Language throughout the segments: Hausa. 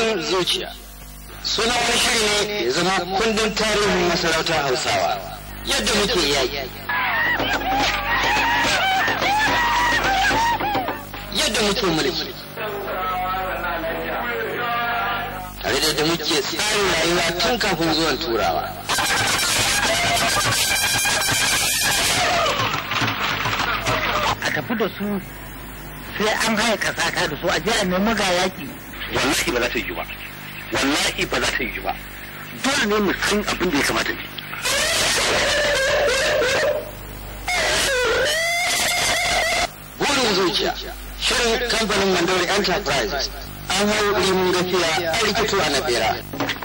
son zuciya suna wani shiri ne ya zama kundin tarihin masarautar hausawa yadda muke yaƙi yadda muke mulki tare da yadda muke tsarin rayuwa tun kafin zuwan turawa a tafi da su sai an haya kasaka da su a je a nemi ga yaƙi wallahi ba za ta yi ba wallahi ba za ta yi ba dole ne mu san abin da ya kamata ne gudun zuciya shirin kamfanin mandawar enterprises an hau ilimin gafiya a rikito a nabera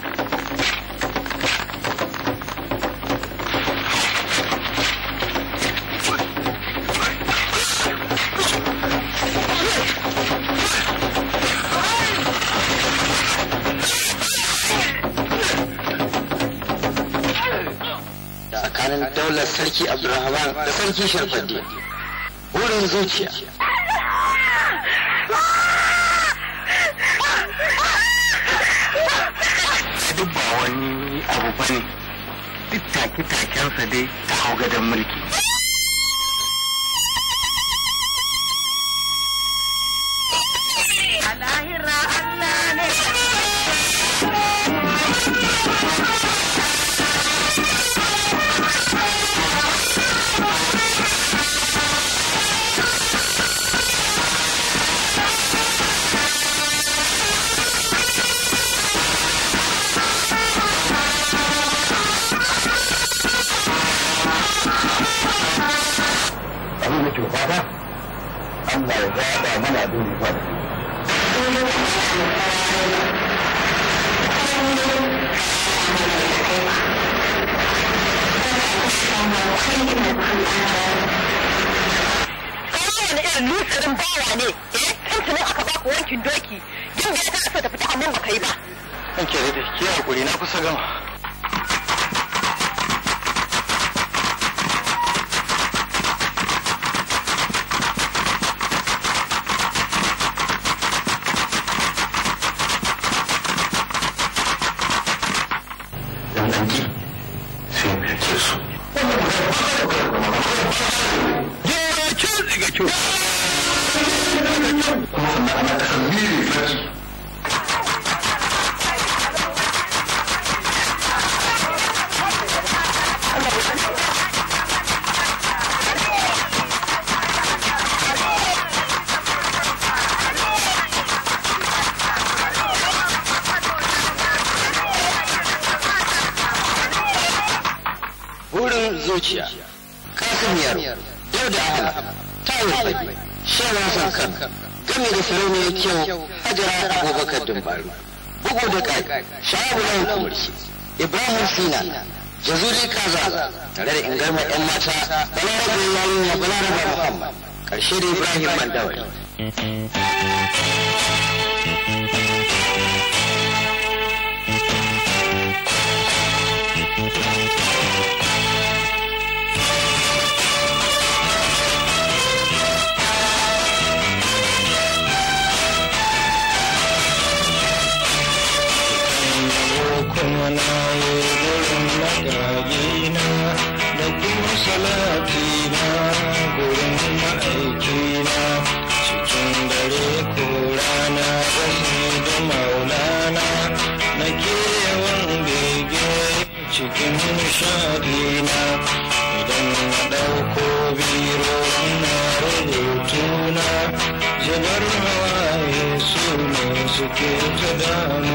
tsakanin daular sarki abdulrahman da sarki sharfaddi wurin zuciya duk ba wani abu bane duk take-takensa dai ta hau gadon mulki cuta ba Allah ya zaɓa mana abin da ya kowane irin lusirin bawa ne eh tantanin aka ba ku wankin doki yin da ya ta fita amma ba kai ba. Kanke da ke na kusa gama. kyau kuma zuciya kasar yaro yau da tayin wasan kan game da ya kyau hajara abubakar dumbaru bugu da kai shawabu lawan kumurci ibrahim sina jazuli kaza tare da ingarma yan mata balarabe yayin ya balaraba muhammad karshe da ibrahim mandawari Thank you. وسلام مكايينا نكون صلاتينا قرن مأيكينا cikin dare ko rana rashin da maulana na ke yawan bege cikin nishadina idan na ɗauko biro ina rubutuna jabar hawaye su ne suke ta damu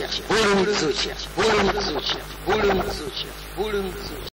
zuciya burin zuciya burin